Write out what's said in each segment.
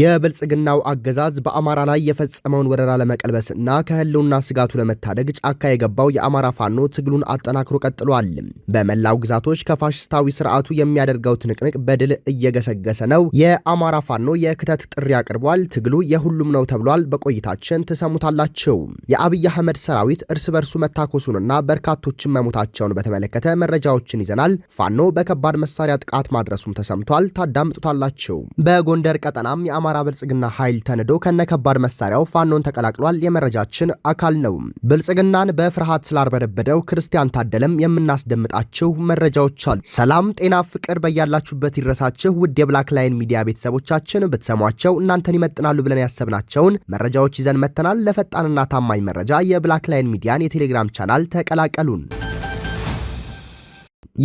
የብልጽግናው አገዛዝ በአማራ ላይ የፈጸመውን ወረራ ለመቀልበስ እና ከህልውና ስጋቱ ለመታደግ ጫካ የገባው የአማራ ፋኖ ትግሉን አጠናክሮ ቀጥሏል። በመላው ግዛቶች ከፋሽስታዊ ስርዓቱ የሚያደርገው ትንቅንቅ በድል እየገሰገሰ ነው። የአማራ ፋኖ የክተት ጥሪ አቅርቧል። ትግሉ የሁሉም ነው ተብሏል። በቆይታችን ትሰሙታላችሁ። የአብይ አህመድ ሰራዊት እርስ በርሱ መታኮሱንና በርካቶችን መሞታቸውን በተመለከተ መረጃዎችን ይዘናል። ፋኖ በከባድ መሳሪያ ጥቃት ማድረሱም ተሰምቷል። ታዳምጡታላችሁ። በጎንደር ቀጠናም የአማራ ብልጽግና ኃይል ተንዶ ከነከባድ መሳሪያው ፋኖን ተቀላቅሏል። የመረጃችን አካል ነው። ብልጽግናን በፍርሃት ስላርበደበደው ክርስቲያን ታደለም የምናስደምጣችሁ መረጃዎች አሉ። ሰላም፣ ጤና፣ ፍቅር በያላችሁበት ይድረሳችሁ ውድ የብላክ ላይን ሚዲያ ቤተሰቦቻችን ብትሰሟቸው እናንተን ይመጥናሉ ብለን ያሰብናቸውን መረጃዎች ይዘን መተናል። ለፈጣንና ታማኝ መረጃ የብላክ ላይን ሚዲያን የቴሌግራም ቻናል ተቀላቀሉን።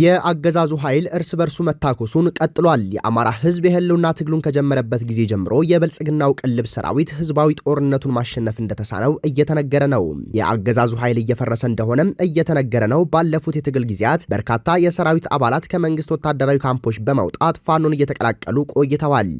የአገዛዙ ኃይል እርስ በርሱ መታኮሱን ቀጥሏል። የአማራ ህዝብ የህልውና ትግሉን ከጀመረበት ጊዜ ጀምሮ የብልጽግናው ቅልብ ሰራዊት ህዝባዊ ጦርነቱን ማሸነፍ እንደተሳነው እየተነገረ ነው። የአገዛዙ ኃይል እየፈረሰ እንደሆነም እየተነገረ ነው። ባለፉት የትግል ጊዜያት በርካታ የሰራዊት አባላት ከመንግስት ወታደራዊ ካምፖች በመውጣት ፋኖን እየተቀላቀሉ ቆይተዋል።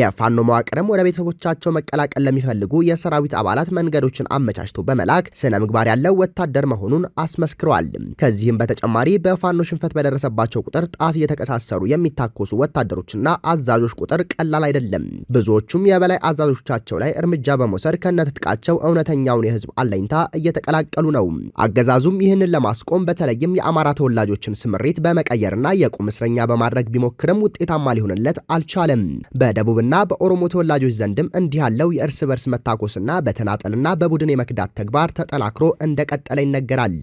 የፋኖ መዋቅርም ወደ ቤተሰቦቻቸው መቀላቀል ለሚፈልጉ የሰራዊት አባላት መንገዶችን አመቻችቶ በመላክ ስነ ምግባር ያለው ወታደር መሆኑን አስመስክሯል። ከዚህም በተጨማሪ በፋኖ ሽንፈት ጉዳት በደረሰባቸው ቁጥር ጣት እየተቀሳሰሩ የሚታኮሱ ወታደሮችና አዛዦች ቁጥር ቀላል አይደለም። ብዙዎቹም የበላይ አዛዦቻቸው ላይ እርምጃ በመውሰድ ከነትጥቃቸው እውነተኛውን የህዝብ አለኝታ እየተቀላቀሉ ነው። አገዛዙም ይህንን ለማስቆም በተለይም የአማራ ተወላጆችን ስምሪት በመቀየርና የቁም እስረኛ በማድረግ ቢሞክርም ውጤታማ ሊሆንለት አልቻለም። በደቡብና በኦሮሞ ተወላጆች ዘንድም እንዲህ ያለው የእርስ በርስ መታኮስና በተናጠልና በቡድን የመክዳት ተግባር ተጠናክሮ እንደቀጠለ ይነገራል።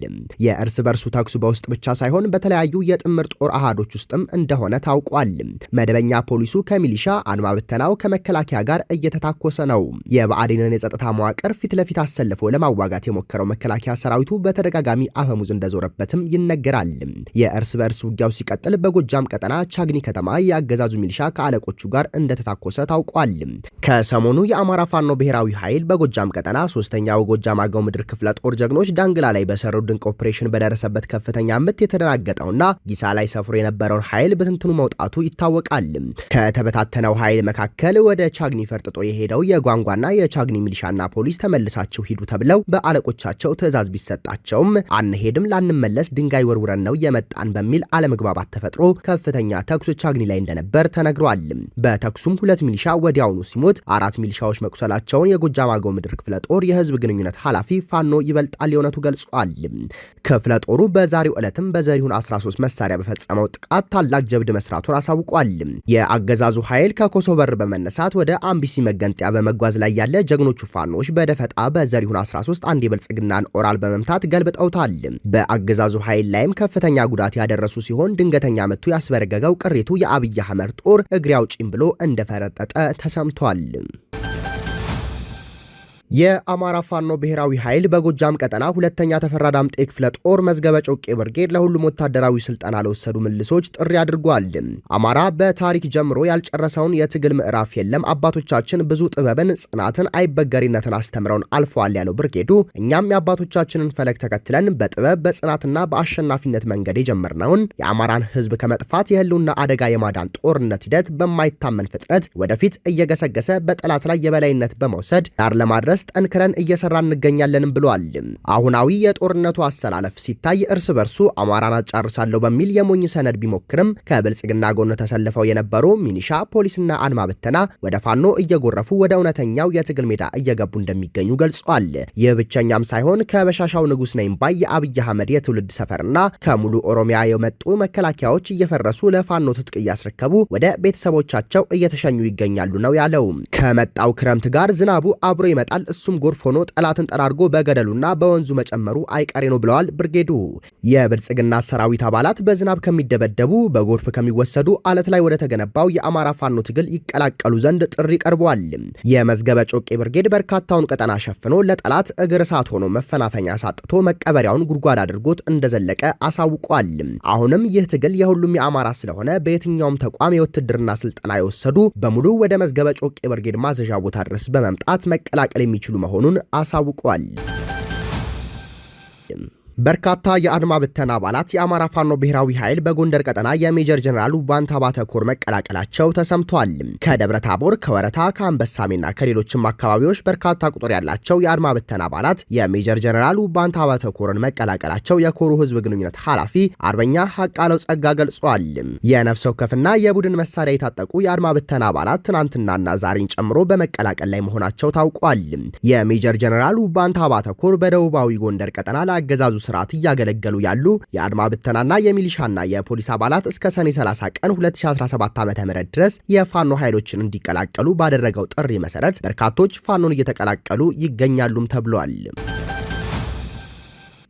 የእርስ በርሱ ተኩሱ በውስጥ ብቻ ሳይሆን በተለያዩ የጥምር ጦር አሃዶች ውስጥም እንደሆነ ታውቋል። መደበኛ ፖሊሱ ከሚሊሻ አድማ ብተናው ከመከላከያ ጋር እየተታኮሰ ነው። የብአዴንን የጸጥታ መዋቅር ፊት ለፊት አሰልፎ ለማዋጋት የሞከረው መከላከያ ሰራዊቱ በተደጋጋሚ አፈሙዝ እንደዞረበትም ይነገራል። የእርስ በእርስ ውጊያው ሲቀጥል በጎጃም ቀጠና ቻግኒ ከተማ የአገዛዙ ሚሊሻ ከአለቆቹ ጋር እንደተታኮሰ ታውቋል። ከሰሞኑ የአማራ ፋኖ ብሔራዊ ኃይል በጎጃም ቀጠና ሶስተኛው ጎጃም አገው ምድር ክፍለ ጦር ጀግኖች ዳንግላ ላይ በሰሩ ድንቅ ኦፕሬሽን በደረሰበት ከፍተኛ ምት የተደናገጠውና ጊሳ ላይ ሰፍሮ የነበረውን ኃይል በትንትኑ መውጣቱ ይታወቃል። ከተበታተነው ኃይል መካከል ወደ ቻግኒ ፈርጥጦ የሄደው የጓንጓና የቻግኒ ሚሊሻና ፖሊስ ተመልሳቸው ሂዱ ተብለው በአለቆቻቸው ትዕዛዝ ቢሰጣቸውም አንሄድም፣ ላንመለስ ድንጋይ ወርውረን ነው የመጣን በሚል አለመግባባት ተፈጥሮ ከፍተኛ ተኩስ ቻግኒ ላይ እንደነበር ተነግሯል። በተኩሱም ሁለት ሚሊሻ ወዲያውኑ ሲሞት አራት ሚሊሻዎች መቁሰላቸውን የጎጃም አገው ምድር ክፍለ ጦር የህዝብ ግንኙነት ኃላፊ ፋኖ ይበልጣል የእውነቱ ገልጿል። ክፍለ ጦሩ በዛሬው ዕለትም በዘሪሁን 13 መሳሪያ በፈጸመው ጥቃት ታላቅ ጀብድ መስራቱን አሳውቋል። የአገዛዙ ኃይል ከኮሶበር በመነሳት ወደ አምቢሲ መገንጠያ በመጓዝ ላይ ያለ ጀግኖቹ ፋኖች በደፈጣ በዘሪሁን 13 አንድ የብልጽግናን ኦራል በመምታት ገልብጠውታል። በአገዛዙ ኃይል ላይም ከፍተኛ ጉዳት ያደረሱ ሲሆን ድንገተኛ ምቱ ያስበረገገው ቅሪቱ የአብይ አህመድ ጦር እግሬ አውጪኝ ብሎ እንደፈረጠጠ ተሰምቷል። የአማራ ፋኖ ብሔራዊ ኃይል በጎጃም ቀጠና ሁለተኛ ተፈራ ዳምጤ ክፍለ ጦር መዝገበ ጮቄ ብርጌድ ለሁሉም ወታደራዊ ስልጠና ለወሰዱ ምልሶች ጥሪ አድርጓል። አማራ በታሪክ ጀምሮ ያልጨረሰውን የትግል ምዕራፍ የለም፣ አባቶቻችን ብዙ ጥበብን፣ ጽናትን፣ አይበገሪነትን አስተምረውን አልፈዋል ያለው ብርጌዱ እኛም የአባቶቻችንን ፈለግ ተከትለን በጥበብ በጽናትና በአሸናፊነት መንገድ የጀመርነውን የአማራን ህዝብ ከመጥፋት የህልውና አደጋ የማዳን ጦርነት ሂደት በማይታመን ፍጥነት ወደፊት እየገሰገሰ በጠላት ላይ የበላይነት በመውሰድ ዳር ለማድረስ ጠንክረን እየሰራ እንገኛለንም ብለዋል። አሁናዊ የጦርነቱ አሰላለፍ ሲታይ እርስ በርሱ አማራን አጫርሳለሁ በሚል የሞኝ ሰነድ ቢሞክርም ከብልጽግና ጎን ተሰልፈው የነበሩ ሚኒሻ፣ ፖሊስና አድማ ብተና ወደ ፋኖ እየጎረፉ ወደ እውነተኛው የትግል ሜዳ እየገቡ እንደሚገኙ ገልጿል። ይህ ብቸኛም ሳይሆን ከበሻሻው ንጉስ ነኝ ባይ የአብይ አህመድ የትውልድ ሰፈርና ከሙሉ ኦሮሚያ የመጡ መከላከያዎች እየፈረሱ ለፋኖ ትጥቅ እያስረከቡ ወደ ቤተሰቦቻቸው እየተሸኙ ይገኛሉ ነው ያለው። ከመጣው ክረምት ጋር ዝናቡ አብሮ ይመጣል እሱም ጎርፍ ሆኖ ጠላትን ጠራርጎ በገደሉና በወንዙ መጨመሩ አይቀሬ ነው ብለዋል ብርጌዱ። የብልጽግና ሰራዊት አባላት በዝናብ ከሚደበደቡ በጎርፍ ከሚወሰዱ አለት ላይ ወደ ተገነባው የአማራ ፋኖ ትግል ይቀላቀሉ ዘንድ ጥሪ ቀርቧል። የመዝገበ ጮቄ ብርጌድ በርካታውን ቀጠና ሸፍኖ ለጠላት እግር እሳት ሆኖ መፈናፈኛ አሳጥቶ መቀበሪያውን ጉድጓድ አድርጎት እንደዘለቀ አሳውቋል። አሁንም ይህ ትግል የሁሉም የአማራ ስለሆነ በየትኛውም ተቋም የውትድርና ስልጠና የወሰዱ በሙሉ ወደ መዝገበ ጮቄ ብርጌድ ማዘዣ ቦታ ድረስ በመምጣት መቀላቀል የሚ የሚችሉ መሆኑን አሳውቋል። በርካታ የአድማ ብተና አባላት የአማራ ፋኖ ብሔራዊ ኃይል በጎንደር ቀጠና የሜጀር ጀኔራል ውባንተ አባተ ኮር መቀላቀላቸው ተሰምቷል። ከደብረ ታቦር፣ ከወረታ፣ ከአንበሳሜና ከሌሎችም አካባቢዎች በርካታ ቁጥር ያላቸው የአድማ ብተና አባላት የሜጀር ጀነራል ውባንተ አባተ ኮርን መቀላቀላቸው የኮሩ ህዝብ ግንኙነት ኃላፊ አርበኛ ሀቃለው ጸጋ ገልጿል። የነፍስ ወከፍና የቡድን መሳሪያ የታጠቁ የአድማ ብተና አባላት ትናንትናና ዛሬን ጨምሮ በመቀላቀል ላይ መሆናቸው ታውቋል። የሜጀር ጀኔራል ውባንተ አባተ ኮር በደቡባዊ ጎንደር ቀጠና ለአገዛዙ ስርዓት እያገለገሉ ያሉ የአድማ ብተናና የሚሊሻና የፖሊስ አባላት እስከ ሰኔ 30 ቀን 2017 ዓ ም ድረስ የፋኖ ኃይሎችን እንዲቀላቀሉ ባደረገው ጥሪ መሰረት በርካቶች ፋኖን እየተቀላቀሉ ይገኛሉም ተብሏል።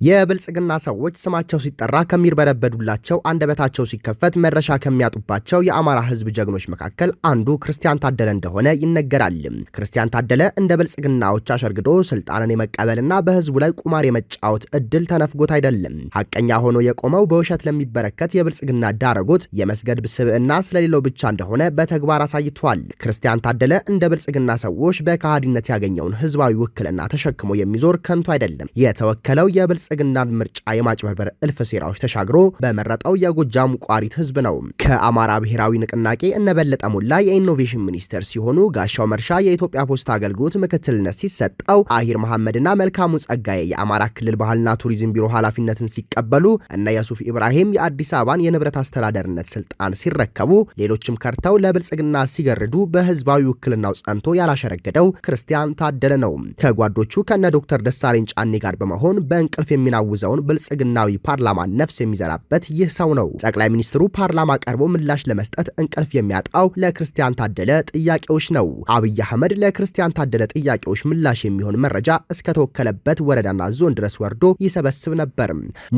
የብልጽግና ሰዎች ስማቸው ሲጠራ ከሚርበለበዱላቸው አንደበታቸው ሲከፈት መድረሻ ከሚያጡባቸው የአማራ ህዝብ ጀግኖች መካከል አንዱ ክርስቲያን ታደለ እንደሆነ ይነገራል። ክርስቲያን ታደለ እንደ ብልጽግናዎች አሸርግዶ ስልጣንን የመቀበልና በህዝቡ ላይ ቁማር የመጫወት እድል ተነፍጎት አይደለም። ሀቀኛ ሆኖ የቆመው በውሸት ለሚበረከት የብልጽግና ዳረጎት የመስገድ ስብዕና ስለሌለው ብቻ እንደሆነ በተግባር አሳይቷል። ክርስቲያን ታደለ እንደ ብልጽግና ሰዎች በካሃዲነት ያገኘውን ህዝባዊ ውክልና ተሸክሞ የሚዞር ከንቱ አይደለም። የተወከለው የብልጽ የብልጽግናን ምርጫ የማጭበርበር እልፍ ሴራዎች ተሻግሮ በመረጠው የጎጃም ቋሪት ህዝብ ነው። ከአማራ ብሔራዊ ንቅናቄ እነበለጠ ሙላ የኢኖቬሽን ሚኒስቴር ሲሆኑ፣ ጋሻው መርሻ የኢትዮጵያ ፖስታ አገልግሎት ምክትልነት ሲሰጠው፣ አሂር መሐመድና መልካሙ ጸጋዬ የአማራ ክልል ባህልና ቱሪዝም ቢሮ ኃላፊነትን ሲቀበሉ፣ እነ የሱፍ ኢብራሂም የአዲስ አበባን የንብረት አስተዳደርነት ስልጣን ሲረከቡ፣ ሌሎችም ከርተው ለብልጽግና ሲገርዱ በህዝባዊ ውክልናው ጸንቶ ያላሸረገደው ክርስቲያን ታደለ ነው። ከጓዶቹ ከነ ዶክተር ደሳለኝ ጫኔ ጋር በመሆን በእንቅልፍ የሚናውዘውን ብልጽግናዊ ፓርላማ ነፍስ የሚዘራበት ይህ ሰው ነው። ጠቅላይ ሚኒስትሩ ፓርላማ ቀርቦ ምላሽ ለመስጠት እንቅልፍ የሚያጣው ለክርስቲያን ታደለ ጥያቄዎች ነው። አብይ አህመድ ለክርስቲያን ታደለ ጥያቄዎች ምላሽ የሚሆን መረጃ እስከተወከለበት ወረዳና ዞን ድረስ ወርዶ ይሰበስብ ነበር።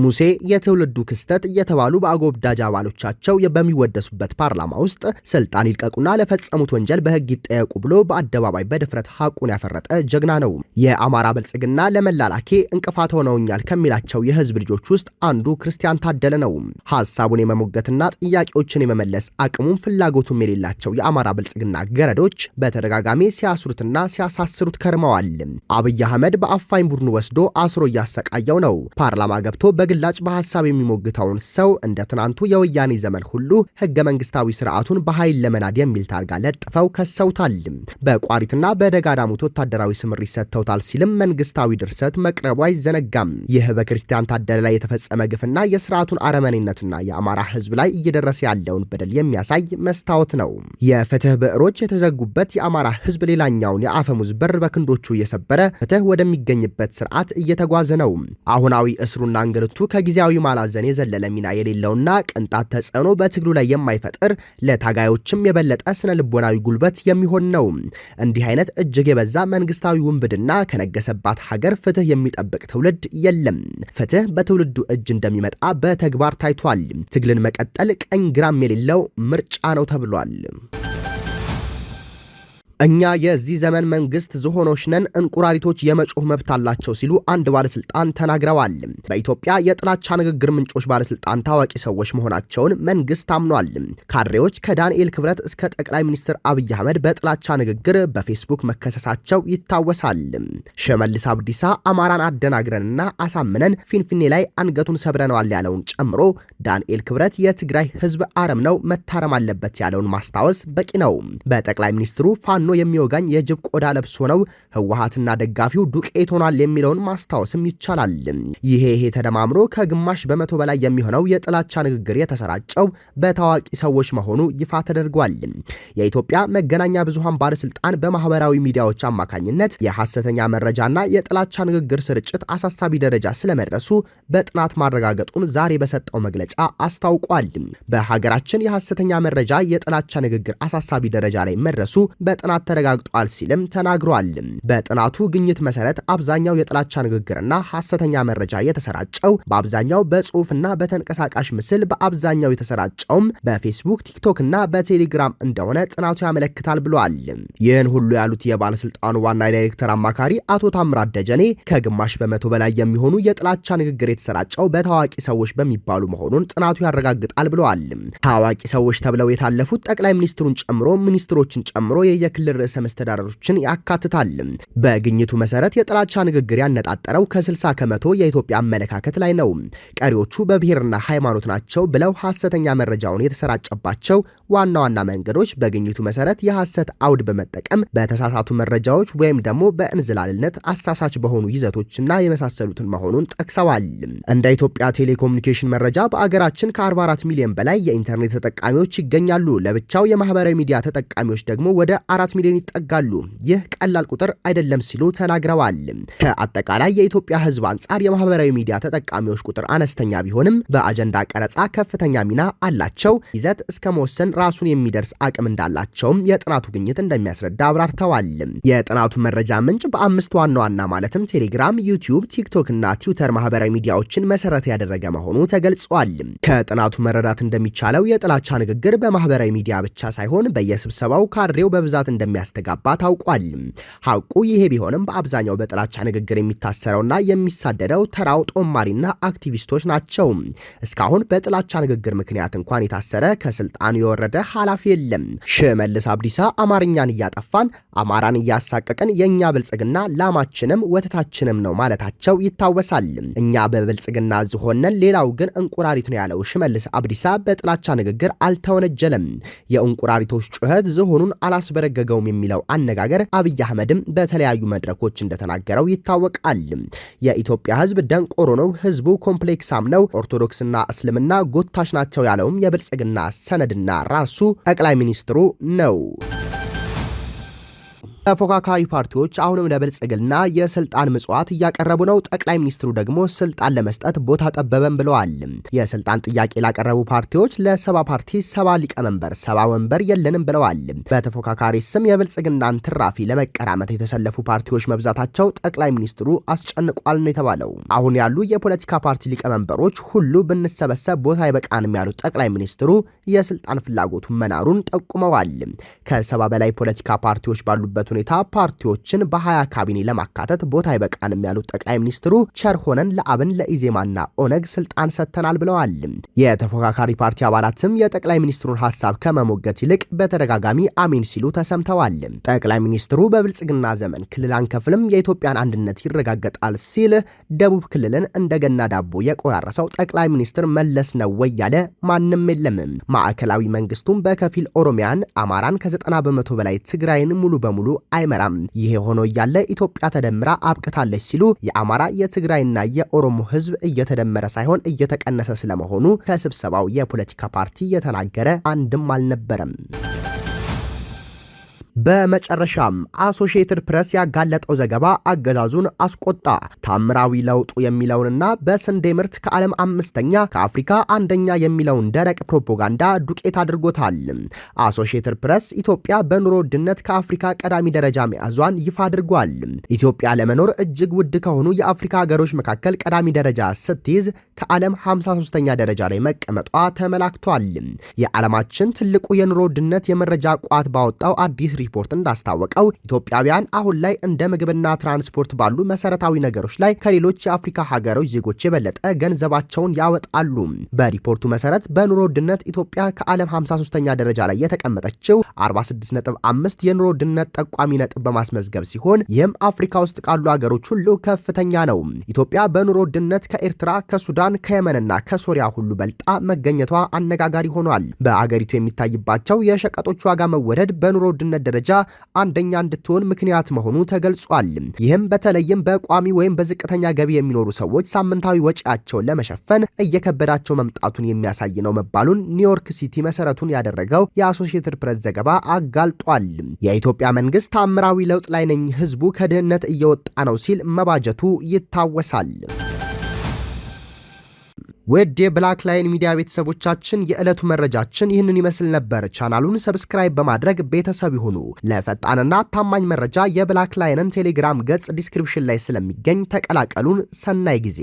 ሙሴ የትውልዱ ክስተት እየተባሉ በአጎብዳጅ አባሎቻቸው በሚወደሱበት ፓርላማ ውስጥ ስልጣን ይልቀቁና ለፈጸሙት ወንጀል በህግ ይጠየቁ ብሎ በአደባባይ በድፍረት ሀቁን ያፈረጠ ጀግና ነው። የአማራ ብልጽግና ለመላላኬ እንቅፋት ሆነውኛል ከሚላቸው የህዝብ ልጆች ውስጥ አንዱ ክርስቲያን ታደለ ነው። ሀሳቡን የመሞገትና ጥያቄዎችን የመመለስ አቅሙም ፍላጎቱም የሌላቸው የአማራ ብልጽግና ገረዶች በተደጋጋሚ ሲያስሩትና ሲያሳስሩት ከርመዋል። አብይ አህመድ በአፋኝ ቡድኑ ወስዶ አስሮ እያሰቃየው ነው። ፓርላማ ገብቶ በግላጭ በሀሳብ የሚሞግተውን ሰው እንደ ትናንቱ የወያኔ ዘመን ሁሉ ህገ መንግስታዊ ስርዓቱን በኃይል ለመናድ የሚል ታርጋ ለጥፈው ከሰውታል። በቋሪትና በደጋዳሙት ወታደራዊ ስምሪት ሰጥተውታል ሲልም መንግስታዊ ድርሰት መቅረቡ አይዘነጋም። ይህ በክርስቲያን ታደለ ላይ የተፈጸመ ግፍና የስርዓቱን አረመኔነትና የአማራ ህዝብ ላይ እየደረሰ ያለውን በደል የሚያሳይ መስታወት ነው። የፍትህ ብዕሮች የተዘጉበት የአማራ ህዝብ ሌላኛውን የአፈሙዝ በር በክንዶቹ እየሰበረ ፍትህ ወደሚገኝበት ስርዓት እየተጓዘ ነው። አሁናዊ እስሩና እንግልቱ ከጊዜያዊ ማላዘን የዘለለ ሚና የሌለውና ቅንጣት ተጽዕኖ በትግሉ ላይ የማይፈጥር ለታጋዮችም የበለጠ ስነ ልቦናዊ ጉልበት የሚሆን ነው። እንዲህ አይነት እጅግ የበዛ መንግስታዊ ውንብድና ከነገሰባት ሀገር ፍትህ የሚጠብቅ ትውልድ የለ የለም። ፍትህ በትውልዱ እጅ እንደሚመጣ በተግባር ታይቷል። ትግልን መቀጠል ቀኝ ግራም የሌለው ምርጫ ነው ተብሏል። እኛ የዚህ ዘመን መንግስት ዝሆኖች ነን፣ እንቁራሪቶች የመጮህ መብት አላቸው ሲሉ አንድ ባለስልጣን ተናግረዋል። በኢትዮጵያ የጥላቻ ንግግር ምንጮች ባለስልጣን ታዋቂ ሰዎች መሆናቸውን መንግስት አምኗል። ካድሬዎች ከዳንኤል ክብረት እስከ ጠቅላይ ሚኒስትር አብይ አህመድ በጥላቻ ንግግር በፌስቡክ መከሰሳቸው ይታወሳል። ሽመልስ አብዲሳ አማራን አደናግረንና አሳምነን ፊንፊኔ ላይ አንገቱን ሰብረነዋል ያለውን ጨምሮ ዳንኤል ክብረት የትግራይ ህዝብ አረም ነው መታረም አለበት ያለውን ማስታወስ በቂ ነው። በጠቅላይ ሚኒስትሩ ፋኖ የሚወጋኝ የጅብ ቆዳ ለብሶ ነው ህወሀትና ደጋፊው ዱቄት ሆኗል የሚለውን ማስታወስም ይቻላል። ይሄ ይሄ ተደማምሮ ከግማሽ በመቶ በላይ የሚሆነው የጥላቻ ንግግር የተሰራጨው በታዋቂ ሰዎች መሆኑ ይፋ ተደርጓል። የኢትዮጵያ መገናኛ ብዙሃን ባለስልጣን በማህበራዊ ሚዲያዎች አማካኝነት የሐሰተኛ መረጃና የጥላቻ ንግግር ስርጭት አሳሳቢ ደረጃ ስለመድረሱ በጥናት ማረጋገጡን ዛሬ በሰጠው መግለጫ አስታውቋል። በሀገራችን የሐሰተኛ መረጃ የጥላቻ ንግግር አሳሳቢ ደረጃ ላይ መድረሱ በጥናት ጥናት ተረጋግጧል ሲልም ተናግሯል። በጥናቱ ግኝት መሰረት አብዛኛው የጥላቻ ንግግርና ሐሰተኛ መረጃ የተሰራጨው በአብዛኛው በጽሁፍና በተንቀሳቃሽ ምስል በአብዛኛው የተሰራጨውም በፌስቡክ ቲክቶክና በቴሌግራም እንደሆነ ጥናቱ ያመለክታል ብሏል። ይህን ሁሉ ያሉት የባለስልጣኑ ዋና ዳይሬክተር አማካሪ አቶ ታምራት ደጀኔ ከግማሽ በመቶ በላይ የሚሆኑ የጥላቻ ንግግር የተሰራጨው በታዋቂ ሰዎች በሚባሉ መሆኑን ጥናቱ ያረጋግጣል ብለዋል። ታዋቂ ሰዎች ተብለው የታለፉት ጠቅላይ ሚኒስትሩን ጨምሮ ሚኒስትሮችን ጨምሮ የየክልል የክልል ርዕሰ መስተዳደሮችን ያካትታል። በግኝቱ መሰረት የጥላቻ ንግግር ያነጣጠረው ከ60 ከመቶ የኢትዮጵያ አመለካከት ላይ ነው። ቀሪዎቹ በብሔርና ሃይማኖት ናቸው ብለው ሐሰተኛ መረጃውን የተሰራጨባቸው ዋና ዋና መንገዶች በግኝቱ መሰረት የሐሰት አውድ በመጠቀም በተሳሳቱ መረጃዎች ወይም ደግሞ በእንዝላልነት አሳሳች በሆኑ ይዘቶችና የመሳሰሉትን መሆኑን ጠቅሰዋል። እንደ ኢትዮጵያ ቴሌኮሙኒኬሽን መረጃ በአገራችን ከ44 ሚሊዮን በላይ የኢንተርኔት ተጠቃሚዎች ይገኛሉ። ለብቻው የማህበራዊ ሚዲያ ተጠቃሚዎች ደግሞ ወደ አራት 7 ሚሊዮን ይጠጋሉ። ይህ ቀላል ቁጥር አይደለም ሲሉ ተናግረዋል። ከአጠቃላይ የኢትዮጵያ ሕዝብ አንጻር የማህበራዊ ሚዲያ ተጠቃሚዎች ቁጥር አነስተኛ ቢሆንም በአጀንዳ ቀረጻ ከፍተኛ ሚና አላቸው። ይዘት እስከ መወሰን ራሱን የሚደርስ አቅም እንዳላቸውም የጥናቱ ግኝት እንደሚያስረዳ አብራርተዋል። የጥናቱ መረጃ ምንጭ በአምስት ዋና ዋና ማለትም ቴሌግራም፣ ዩቲዩብ፣ ቲክቶክ እና ትዊተር ማህበራዊ ሚዲያዎችን መሰረት ያደረገ መሆኑ ተገልጿል። ከጥናቱ መረዳት እንደሚቻለው የጥላቻ ንግግር በማህበራዊ ሚዲያ ብቻ ሳይሆን በየስብሰባው ካድሬው በብዛት እንደሚያስተጋባ ታውቋል። ሀቁ ይሄ ቢሆንም በአብዛኛው በጥላቻ ንግግር የሚታሰረውና የሚሳደደው ተራው ጦማሪና አክቲቪስቶች ናቸው። እስካሁን በጥላቻ ንግግር ምክንያት እንኳን የታሰረ ከስልጣን የወረደ ኃላፊ የለም። ሽመልስ አብዲሳ አማርኛን እያጠፋን አማራን እያሳቀቅን የእኛ ብልጽግና ላማችንም ወተታችንም ነው ማለታቸው ይታወሳል። እኛ በብልጽግና ዝሆነን ሌላው ግን እንቁራሪት ነው ያለው ሽመልስ አብዲሳ በጥላቻ ንግግር አልተወነጀለም። የእንቁራሪቶች ጩኸት ዝሆኑን አላስበረገገ አያደርገውም የሚለው አነጋገር አብይ አህመድም በተለያዩ መድረኮች እንደተናገረው ይታወቃል። የኢትዮጵያ ህዝብ ደንቆሮ ነው፣ ህዝቡ ኮምፕሌክሳም ነው፣ ኦርቶዶክስና እስልምና ጎታሽ ናቸው ያለውም የብልጽግና ሰነድና ራሱ ጠቅላይ ሚኒስትሩ ነው። ተፎካካሪ ፓርቲዎች አሁንም ለብልጽግና የስልጣን ምጽዋት እያቀረቡ ነው። ጠቅላይ ሚኒስትሩ ደግሞ ስልጣን ለመስጠት ቦታ ጠበበን ብለዋል። የስልጣን ጥያቄ ላቀረቡ ፓርቲዎች ለሰባ ፓርቲ ሰባ ሊቀመንበር ሰባ ወንበር የለንም ብለዋል። በተፎካካሪ ስም የብልጽግናን ትራፊ ለመቀራመት የተሰለፉ ፓርቲዎች መብዛታቸው ጠቅላይ ሚኒስትሩ አስጨንቋል ነው የተባለው። አሁን ያሉ የፖለቲካ ፓርቲ ሊቀመንበሮች ሁሉ ብንሰበሰብ ቦታ አይበቃንም ያሉት ጠቅላይ ሚኒስትሩ የስልጣን ፍላጎቱ መናሩን ጠቁመዋል። ከሰባ በላይ ፖለቲካ ፓርቲዎች ባሉበት ሁኔታ ፓርቲዎችን በሀያ ካቢኔ ለማካተት ቦታ አይበቃንም ያሉት ጠቅላይ ሚኒስትሩ ቸር ሆነን ለአብን ለኢዜማና ኦነግ ስልጣን ሰጥተናል ብለዋል። የተፎካካሪ ፓርቲ አባላትም የጠቅላይ ሚኒስትሩን ሀሳብ ከመሞገት ይልቅ በተደጋጋሚ አሚን ሲሉ ተሰምተዋል። ጠቅላይ ሚኒስትሩ በብልጽግና ዘመን ክልል አንከፍልም፣ የኢትዮጵያን አንድነት ይረጋገጣል ሲል ደቡብ ክልልን እንደገና ዳቦ የቆራረሰው ጠቅላይ ሚኒስትር መለስ ነው ወይ ያለ ማንም የለም። ማዕከላዊ መንግስቱም በከፊል ኦሮሚያን፣ አማራን ከዘጠና በመቶ በላይ ትግራይን ሙሉ በሙሉ አይመራም። ይሄ ሆኖ እያለ ኢትዮጵያ ተደምራ አብቅታለች ሲሉ የአማራ የትግራይና የኦሮሞ ህዝብ እየተደመረ ሳይሆን እየተቀነሰ ስለመሆኑ ከስብሰባው የፖለቲካ ፓርቲ የተናገረ አንድም አልነበረም። በመጨረሻም አሶሺየትድ ፕሬስ ያጋለጠው ዘገባ አገዛዙን አስቆጣ። ታምራዊ ለውጡ የሚለውንና በስንዴ ምርት ከዓለም አምስተኛ ከአፍሪካ አንደኛ የሚለውን ደረቅ ፕሮፓጋንዳ ዱቄት አድርጎታል። አሶሺየትድ ፕሬስ ኢትዮጵያ በኑሮ ውድነት ከአፍሪካ ቀዳሚ ደረጃ መያዟን ይፋ አድርጓል። ኢትዮጵያ ለመኖር እጅግ ውድ ከሆኑ የአፍሪካ ሀገሮች መካከል ቀዳሚ ደረጃ ስትይዝ ከዓለም 53ኛ ደረጃ ላይ መቀመጧ ተመላክቷል። የዓለማችን ትልቁ የኑሮ ውድነት የመረጃ ቋት ባወጣው አዲስ ሪፖርት እንዳስታወቀው ኢትዮጵያውያን አሁን ላይ እንደ ምግብና ትራንስፖርት ባሉ መሰረታዊ ነገሮች ላይ ከሌሎች የአፍሪካ ሀገሮች ዜጎች የበለጠ ገንዘባቸውን ያወጣሉ። በሪፖርቱ መሰረት በኑሮ ውድነት ኢትዮጵያ ከዓለም 53ኛ ደረጃ ላይ የተቀመጠችው 46.5 የኑሮ ውድነት ጠቋሚ ነጥብ በማስመዝገብ ሲሆን ይህም አፍሪካ ውስጥ ካሉ ሀገሮች ሁሉ ከፍተኛ ነው። ኢትዮጵያ በኑሮ ውድነት ከኤርትራ፣ ከሱዳን፣ ከየመንና ከሶሪያ ሁሉ በልጣ መገኘቷ አነጋጋሪ ሆኗል። በአገሪቱ የሚታይባቸው የሸቀጦች ዋጋ መወደድ በኑሮ ውድነት ደረጃ አንደኛ እንድትሆን ምክንያት መሆኑ ተገልጿል። ይህም በተለይም በቋሚ ወይም በዝቅተኛ ገቢ የሚኖሩ ሰዎች ሳምንታዊ ወጪያቸውን ለመሸፈን እየከበዳቸው መምጣቱን የሚያሳይ ነው መባሉን ኒውዮርክ ሲቲ መሰረቱን ያደረገው የአሶሺየትድ ፕሬስ ዘገባ አጋልጧል። የኢትዮጵያ መንግስት ታምራዊ ለውጥ ላይ ነኝ፣ ህዝቡ ከድህነት እየወጣ ነው ሲል መባጀቱ ይታወሳል። ውድ የብላክ ላይን ሚዲያ ቤተሰቦቻችን የዕለቱ መረጃችን ይህንን ይመስል ነበር። ቻናሉን ሰብስክራይብ በማድረግ ቤተሰብ ይሁኑ። ለፈጣንና ታማኝ መረጃ የብላክ ላይንን ቴሌግራም ገጽ ዲስክሪፕሽን ላይ ስለሚገኝ ተቀላቀሉን። ሰናይ ጊዜ